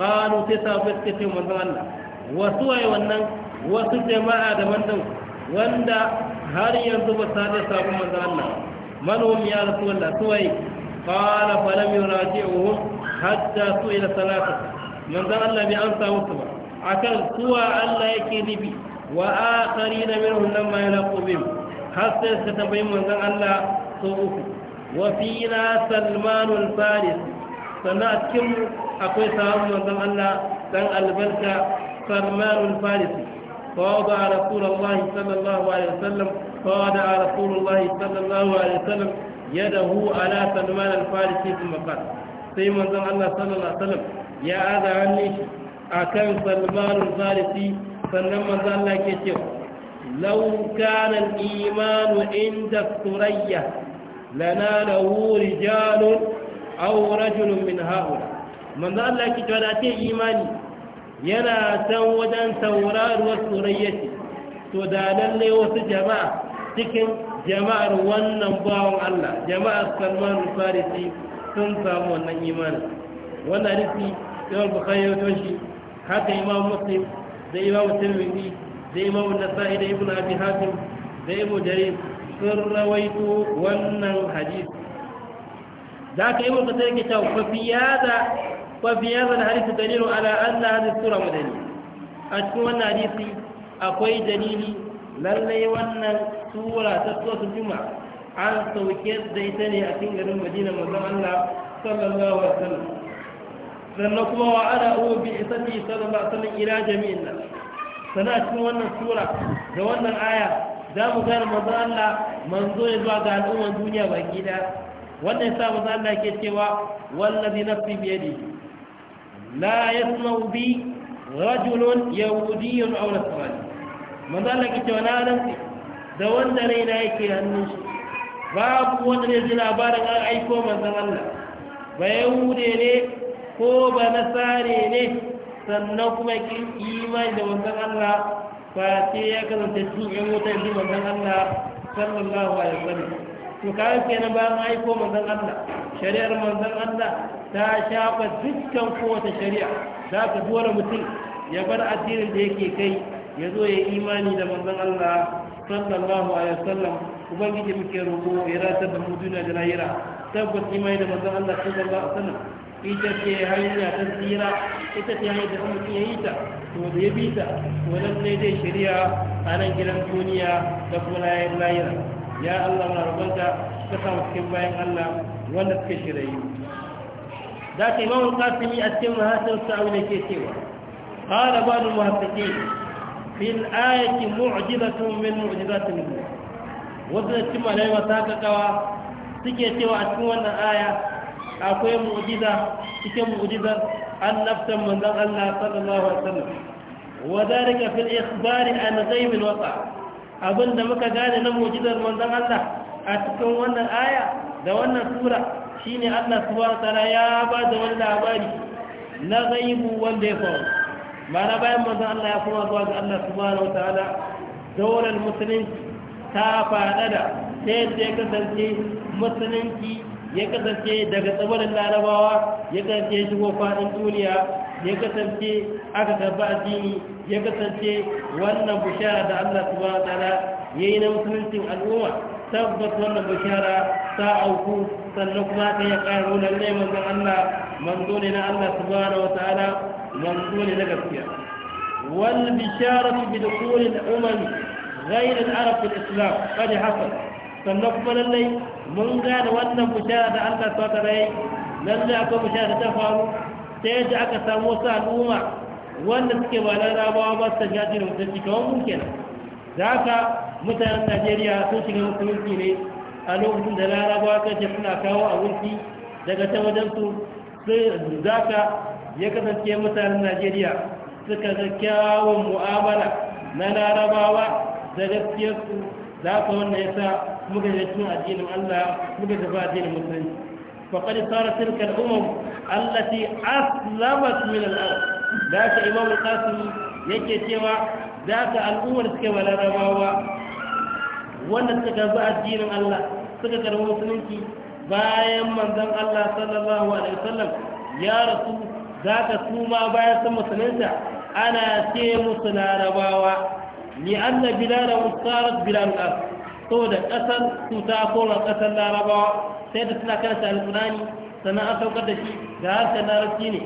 A: قالوا تسعة فسكتهم من الله وسوى ونن wasu jama'a daban-daban wanda har yanzu ba sa da sabon manzan Allah manomi ya rasu wanda suwai fara falam yau raji a wuhun hajja su ila salata manzan Allah bai amsa musu ba a kan suwa Allah yake nufi wa a kari na min hunan Allah uku وفينا سلمان الفارس سنأتكم أقوي صحابة من ذن الله ذن البركة سلمان الفارس فوضع رسول الله صلى الله عليه وسلم فوضع رسول الله صلى الله عليه وسلم يده على سلمان الفارسي ثم قال sai manzon Allah sallallahu alaihi wasallam ya aza hannun shi akan Salman al-Farisi sannan manzon Allah ke cewa law kana al-iman inda surayya لناله رجال أو رجل من Allah ki ذا الله كتبت imani yana san wajen sauraruwar surayyaci to da lalle wasu jama'a cikin jama'ar wannan bawan Allah jama'ar Salman Farisi sun samu wannan imanin wannan hadisi Imam Bukhari ya toshi haka Imam Muslim da Imam Tirmidhi da Imam Nasa'i da Ibn Abi Hatim da Ibn Jarir sun rawaito wannan hadisi za ka yi wa kasar ke cewa da hadisi dalilu ala an na hadisi tura mu dalili a cikin wannan hadisi akwai dalili lallai wannan tura ta tsohon juma'a an sauke da ita ne a cikin garin madina mazan Allah sallallahu alaihi wasallam sannan kuma wa ana uwa bi isati sallallahu alaihi wasallam ila jami'in nan a cikin wannan sura da wannan aya za mu gane manzo Allah manzo ya zuwa ga al'umma duniya ba gida wannan yasa manzo Allah ke cewa wallazi nafsi bi yadi la yasma'u bi rajul yahudi aw nasrani manzo Allah ke cewa na nafsi da wanda na yake hannun shi babu wanda ne ji labarin an aiko manzon Allah ba yahude ne ko ba nasare ne sannan kuma kin imani da manzon Allah fa ce ya kasance cikin wuta yanzu manzan Allah sallallahu alaihi wasallam to kawai kenan bayan aiko manzan Allah shari'ar manzan Allah ta shafa dukkan kowace shari'a za ka dora mutum ya bar addinin da yake kai ya zo ya imani da manzan Allah sallallahu alaihi wasallam ubangiji muke roƙo ya ratar da mu duniya da lahira tabbas imani da manzan Allah sallallahu alaihi wasallam ita ce hanya ta tsira ita ce hanya da mutum ya yi ta to da ya bi ta to nan sai dai shari'a a nan gidan duniya da kuma layar layira ya Allah na rubanta ka samu cikin bayan Allah wanda suka shirayi da ta imamu kasimi a cikin mahasar sa'u da ke cewa qala ba'd da muhaqqiqin fi al-ayati mu'jibatun min mu'jizatin wasu da cimma lai masakakawa suke cewa a cikin wannan aya akwai mu'jiza cikin mu'jizar annabtan manzon Allah sallallahu alaihi wasallam wa dalika fil ikhbari an ghaib al waqa abinda muka gane na mu'jizar manzon Allah a cikin wannan aya da wannan sura shine Allah subhanahu wa ta'ala ya ba da wani labari na ghaibu wanda ya faru mana bayan manzon Allah ya kuma zuwa ga Allah subhanahu wa ta'ala daular musulunci ta faɗaɗa ta yadda ya kasance musulunci ya kasance daga tsibirin larabawa ya kasance shigo faɗin duniya ya kasance aka karɓi addini ya kasance wannan bishara da Allah subhanahu ya yi na musulunci al'umma tabbas wannan bishara ta auku sannan kuma ta ya ƙara lalle manzon Allah manzo ne na Allah subhanahu wataala manzo ne na gaskiya wal bisharatu bi dukhul al-umam ghayr al-arab fi al-islam qad sannan kuma lallai mun gane wannan bishara da Allah ta ta rai lallai akwai bishara ta faru ta yadda aka samu wasu al'umma wanda suke ba na rabawa ba su ya jira mutunci kawai mun kenan da haka mutanen Najeriya sun shiga musulunci ne a lokacin da larabawa kan ce suna kawo abinci daga ta wajen su za ka ya kasance mutanen Najeriya suka ga kyawun mu'amala na larabawa da gaskiyarsu za ka wannan ya sa muka shiga cikin addinin Allah muka tafi addinin musulunci faqad sara tilka al-umam allati aslamat min al-ard da ka imam al-qasim yake cewa da ka al'ummar suke balarabawa wanda suka karbi addinin Allah suka karbi musulunci bayan manzon Allah sallallahu alaihi sallam ya rasu za ka su ma bayan sun musulunta ana ce musu larabawa ni anna bilal musarat bilal al-ard da ƙasar su ta kora ƙasar larabawa sai da suna karanta alƙurani sannan an saukar da shi ga harshen larabci ne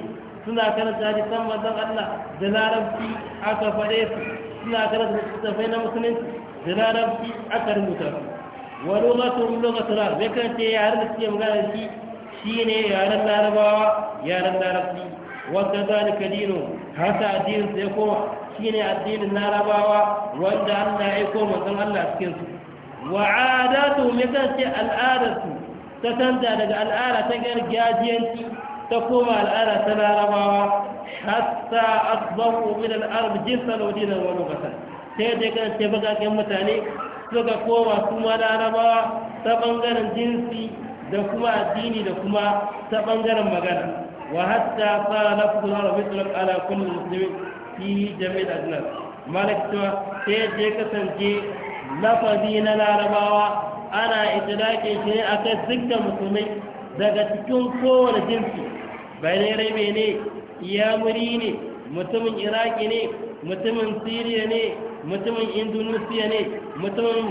A: suna karanta hadisan manzon Allah da larabci aka faɗe su suna karanta littattafai na musulunci da larabci aka rubuta su rubuta lughatun lughatul arab yakan ce yaren da suke magana shi shi ne yaren larabawa yaren larabci wa kadhalika kadino, haka addinin sai shi ne addinin larabawa wanda Allah ya aiko manzon Allah cikin su wa'adatu mai kasance al'adarsu ta canza daga al'ada ta gargajiyanci ta koma al'ada ta larabawa hatta asbahu min al'arab jinsan wa dinan wa lugatan sai da kasance bakakken mutane suka koma kuma larabawa ta bangaren jinsi da kuma addini da kuma ta bangaren magana wa hatta fara lafzul arabi tulak ala kullu muslimin fi jami'il ajnas malik cewa sai da kasance lafazi na larabawa ana itilaƙe shi ne a kai dukkan musulmai daga cikin kowane jinsi bai rabe ne muri ne mutumin iraki ne mutumin siriya ne mutumin indonesia ne mutumin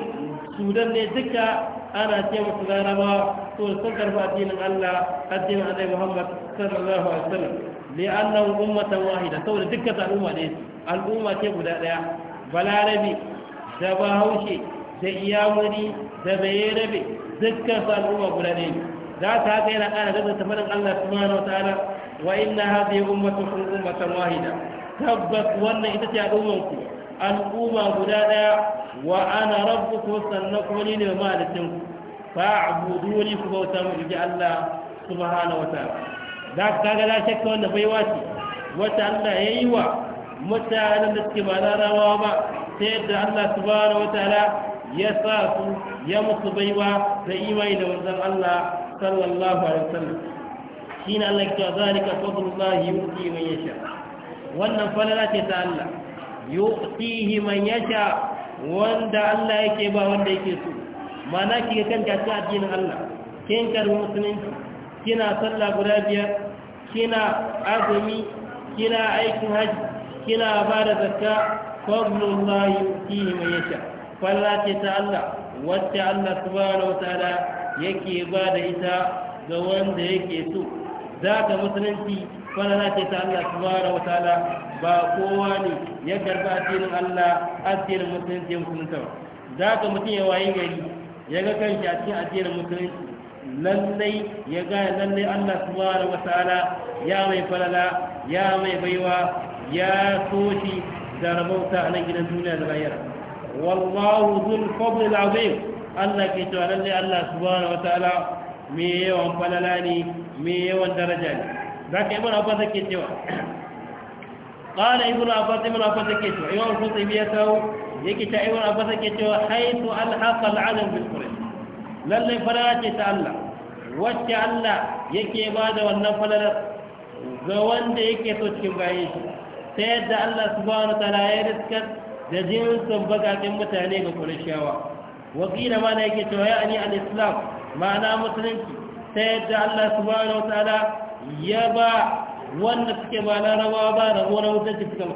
A: sudan ne duka ana ce musu larabawa to sun karfa addinin allah addinin allah muhammad sallallahu alaihi wasallam annahu ummatan wahida saboda dukkan al'umma ne al'umma ce guda daya balarabi da bahaushe da iyamuri da bayerabe dukkan su al'umma guda ne za ta haka yana ƙara gaza ta faɗin allah subhanahu ta'ala wa inna hadhihi ummatukum ummatan wahida tabbas wannan ita ce al'ummanku al'umma guda ɗaya wa ana rabbukum sannan kuma ni ne mahalicinku fa'buduni ku bauta mu ji allah subhanahu wataala za ka kaga la shakka wanda bai wace, wata Allah ya yi wa mutanen da suke ba na rawa ba ta yadda Allah subhanahu wataala ya sa su ya musu baiwa da imani da wanzan Allah sallallahu alaihi wasallam shine Allah ya ce zalika fadlullahi yuti man yasha wannan falala ce ta Allah yuti man yasha wanda Allah yake ba wanda yake so mana ki kan ta ci addinin Allah kin karbi musulunci kina sallah guda biyar kina azumi kina aikin haji kina ba da zakka فضل الله يؤتيه من يشاء فلا Allah واتع الله سبحانه وتعالى yake ba da ita ga wanda yake so za ka musulunci falala ce ta Allah subhanahu wa ta'ala ba kowa ne ya karba addinin Allah addinin musulunci ya musulunta ba za ka mutum ya wayi gari ya ga kanshi a cikin asirin musulunci lallai ya gane lallai Allah subhanahu wa ta'ala ya mai falala ya mai baiwa ya so shi da rabauta a nan gidan duniya da lahira wallahu zul fadl azim Allah ke cewa lalle Allah subhanahu wataala me yawan falala ne me yawan daraja ne zaka ibn abbas ke cewa قال ابن عباس ابن عباس كيتو ايوان الخطيب يتو يكتا ايوان عباس كيتو حيث الحق Allah بالقرآن للي فراتي تألا واتي ألا يكي بعد والنفل زوان دي يكي تتكم بعيش ta yadda Allah subhanahu ta'ala ya riskar da jinsin bakakin mutane ga Qurayshawa wa ma na yake cewa ya ani al-islam ma'ana musulunci ta yadda Allah subhanahu ta'ala ya ba wanda suke ba larawa ba da gona wutar suka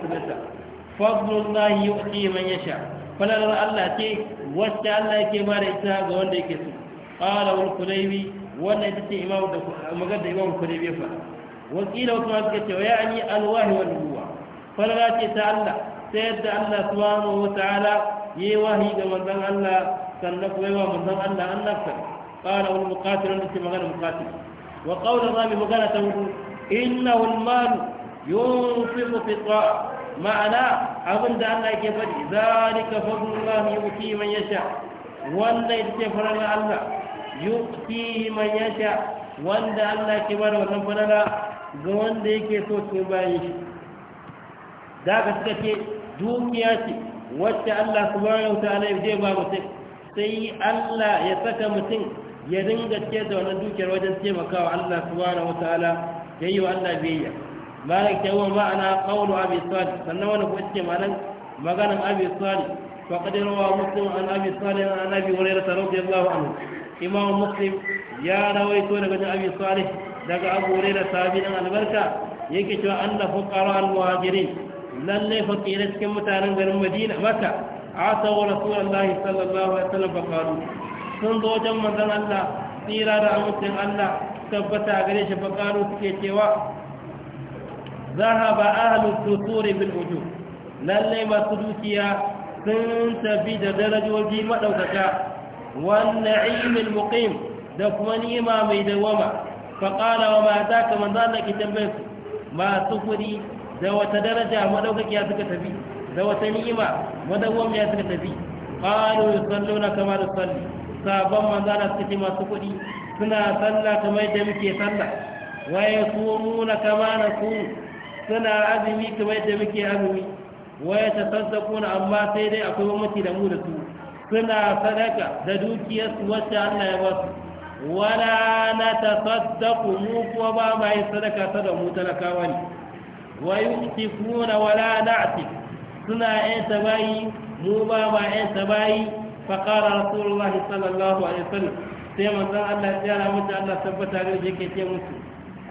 A: musulunta yi yu'ti man yasha falalar Allah ce wacce Allah yake ba da ita ga wanda yake so Ƙara wal kulaybi wannan ita ce imamu da magana da imamu kulaybi ya faɗa wakila wasu masu kace wa al alwahi wa nubuwa falala ce ta Allah ta yadda Allah subhanahu wa ta'ala yi wahi ga manzon Allah sannan kuma yi wa manzon Allah annabta qala wal muqatil wanda ke magana muqatil wa qawla rami magana ta hudu innahu al mal yunfiqu fi ta'a ma'ana abin da Allah yake faɗi zalika fadlullah yuti man yasha wanda yake farala Allah yuti man yasha wanda Allah ke bada wannan farala ga wanda yake so cikin bayan shi da ka suka ce dukiya ce wacce Allah subhanahu ta'ala ya je ba mutum sai Allah ya saka mutum ya dinga ce da wannan dukiyar wajen taimakawa Allah subhanahu ta'ala ya yi wa Allah biyayya malik ta wa ma'ana qawlu abi salih sannan wani kuma ce abu maganan abi salih fa qad rawa muslim an abi salih an abi hurairah radiyallahu anhu imam muslim ya rawaito daga abi salih daga abu hurairah sahabi dan albarka yake cewa anna fuqara al-muhajirin lallai fakirai cikin mutanen garin madina mata a tawo rasulallahi sallallahu alaihi wasallam bakaru sun zo wajen mazan Allah tsira da amincin Allah tabbata gare shi bakaru suke cewa ba ahlus susuri bil wujud lallai masu dukiya sun tafi da darajoji maɗaukaka wan na'imul muqim da kuma ni'ima mai dawama faqala wa ma za manzon Allah ki tambaye su masu kuri da wata daraja madaukakiya suka tafi da wata ni'ima madawwamiya suka tafi qalu yusalluna kama nusalli sabon manzana suka ce masu kuɗi suna sallah kamar yadda muke sallah wa yasumuna kama nasum suna azumi kamar yadda muke azumi wa yatasaddaquna amma sai dai akwai bambanci da mu da su suna sadaka da dukiyarsu wacce Allah ya su wala natasaddaqu mu ko ba mai sadaka ta da mu talakawa ne wa yuktifuna wala na'ti suna ƴan sabayi mu ba ma ƴan sabayi fa qala rasulullahi sallallahu alaihi wasallam sai manzon Allah ya tsara mutu Allah tabbata da yake ce musu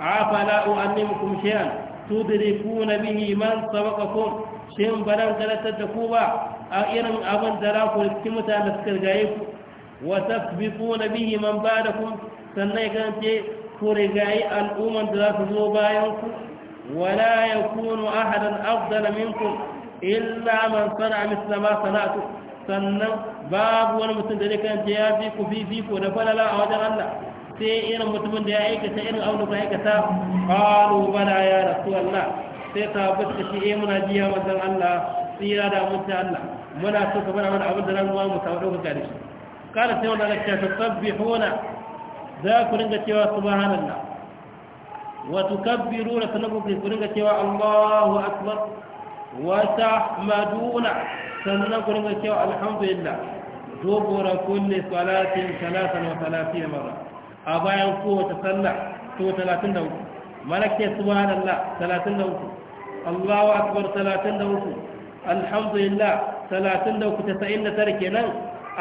A: afala u'allimukum shay'an tudrikuna bihi man sabaqakum shin baran karatar da ku ba a irin abin da ra ku riski mutane suka rigaye ku wa tasbiquna bihi man ba'dakum sannan kan ce ku rigaye al'umman da za su zo bayan ku ولا يكون أحدا أفضل منكم إلا من صنع مثل ما صنعتم sannan babu wani mutum da zai kan ce ya fi ku fifiko da falala a wajen Allah sai irin mutumin da ya aikata irin abu da ku aikata qalu bala ya rasu Allah sai ka fuska shi eh muna jiya manzon Allah tsira da mutum Allah muna so ka bana mana abin da ranuwa mu samu dauka da shi kana sai wannan lakka tasabbihuna za ku ringa cewa subhanallah وتكبرون سنبوك لكرنك سوى الله أكبر وتحمدون سنبوك لكرنك سوى الحمد لله دبر كل صلاة ثلاثا وثلاثين مرة أبايا قوة صلى سوى ثلاثين دوك ملك سبحان الله ثلاثين دوك الله أكبر ثلاثين دوك الحمد لله ثلاثين دوك تسعين تركنا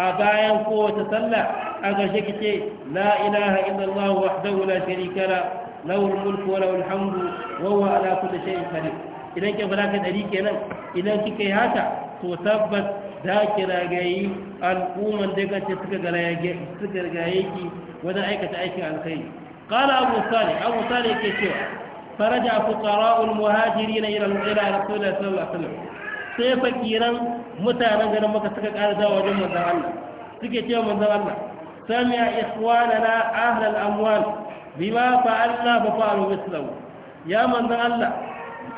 A: أبايا قوة صلى أغشكتي لا إله إلا الله وحده لا شريك له له الملك Alhamdu, wa وهو على كل شيء قدير idan ke fara ka dari kenan idan kika yi haka to tabbas da ki ragayi al'umman da kace suka garagaye suka ragaye ki wajen aikata aikin alkhairi qala abu salih abu salih ke cewa faraja fuqara'ul muhajirin ila ila rasulullah sallallahu alaihi wasallam sai fakiran mutanen garin maka suka ƙara dawo wajen manzon Allah suke cewa manzon Allah sami'a ikhwanana ahlal amwal bima fa'alna fa fa'alu mislahu ya manzon Allah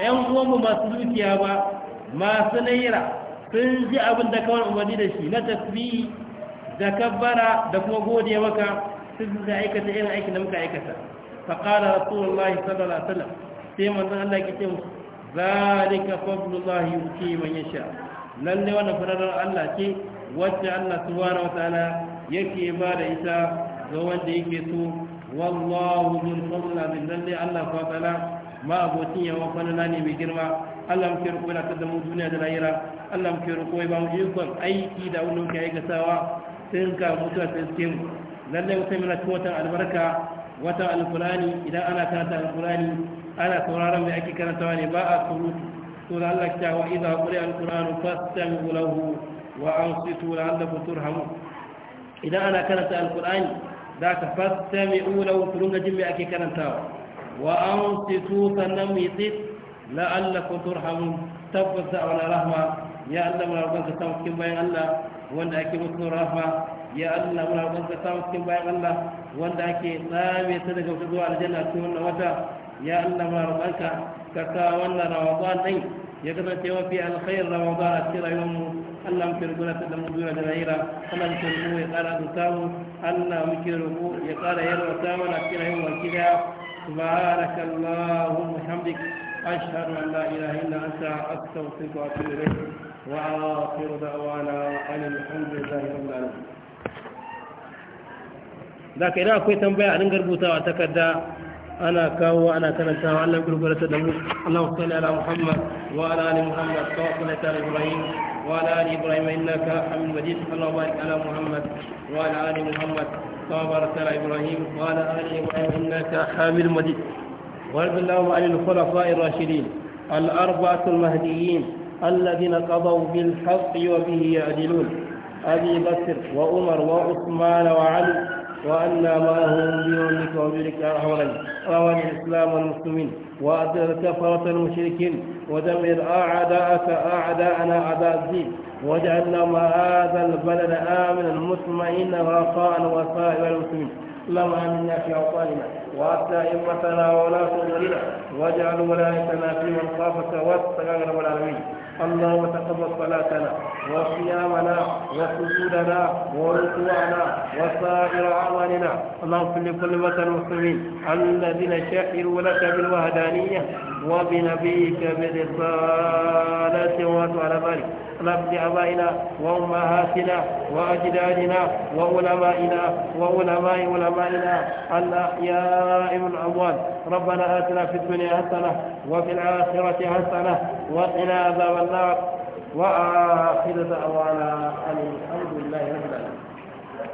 A: ɗan uwanmu masu dukiya ba masu naira sun ji abin da kawai umarni da shi na tasbihi da kabbara da kuma gode maka sun da aikata irin aikin da muka aikata fa qala rasulullahi sallallahu alaihi wasallam sai manzon Allah ya ce musu zalika fadlullahi yuti man yasha lalle wannan fadalar Allah ce wacce Allah subhanahu wataala yake ba da ita ga wanda yake so wallahu min fadla min lalle Allah fa ta'ala ma abokin yawon falala ne mai girma Allah mu muke roƙo yana kada mu duniya da lahira Allah mu roƙo ya ba mu ikon aiki da wani muke aikatawa sai ka mutuwa sai suke mu lalle wata mina cikin watan albarka watan alkurani idan ana karanta alkurani ana sauraron mai ake karantawa ne ba a surutu to da Allah ta wa idza quri'a alquranu fastami'u lahu wa an tura Allah la'allakum turhamun idan ana karanta alkurani da ka fastami'u lahu ku dinga jin me ake karantawa wa an ansitu sannan mu yi la'allakum turhamun tabbas da wala rahma ya Allah muna roƙon ka samu cikin bayan Allah wanda ake musu rahma ya Allah muna roƙon ka samu cikin bayan Allah wanda ake tsame ta daga wata zuwa aljanna cikin wannan wata ya Allah muna roƙon ka ka sa wannan Ramadan din ya kasance mafi alkhair Ramadan a cikin rayuwarmu Allah muke rubu na da mu jura da rayira Allah muke rubu ya kara zuta mu Allah muke rubu ya kara yarwa ta mana kira yin wanki da subhanakallahumma hamdik ashhadu an la ilaha illa anta astaghfiruka wa atubu ilayk wa akhiru da'wana alhamdulillahi rabbil alamin da ka idan akwai tambaya a dinga rubutawa takarda ana kawo ana karantawa Allah ya gurgurata da mu Allah ya salli ala Muhammad وعلى ال محمد كما صليت على ابراهيم وعلى ال ابراهيم انك حميد مجيد صلى الله على محمد وعلى ال محمد كما باركت على ابراهيم وعلى ال ابراهيم انك حميد مجيد وارض اللهم عن الخلفاء الراشدين الاربعه المهديين الذين قضوا بالحق وبه يعدلون ابي بكر وعمر وعثمان وعلي وأنا معهم بعلمك وجودك يا أرحم الراحمين روان الإسلام والمسلمين وأذل الكفرة المشركين ودمر أعداءك أعداءنا أعداء الدين واجعلنا مع هذا البلد آمنا مطمئنا رخاء وسائر المسلمين اللهم امنا في اوطاننا واتى امتنا ولا امورنا واجعل ولايتنا في من خافك واتقاك يا رب العالمين اللهم تقبل صلاتنا وصيامنا وسجودنا وركوعنا وسائر اعمالنا اللهم اغفر لكل وطن المسلمين الذين شهدوا لك بالوهدانيه وبنبيك برسالة وأتوا على ذلك الإسلام لآبائنا وأمهاتنا وأجدادنا وعلمائنا وعلماء علمائنا الأحياء من الأموال ربنا آتنا في الدنيا حسنة وفي الآخرة حسنة وقنا عذاب النار وآخر دعوانا الحمد لله رب العالمين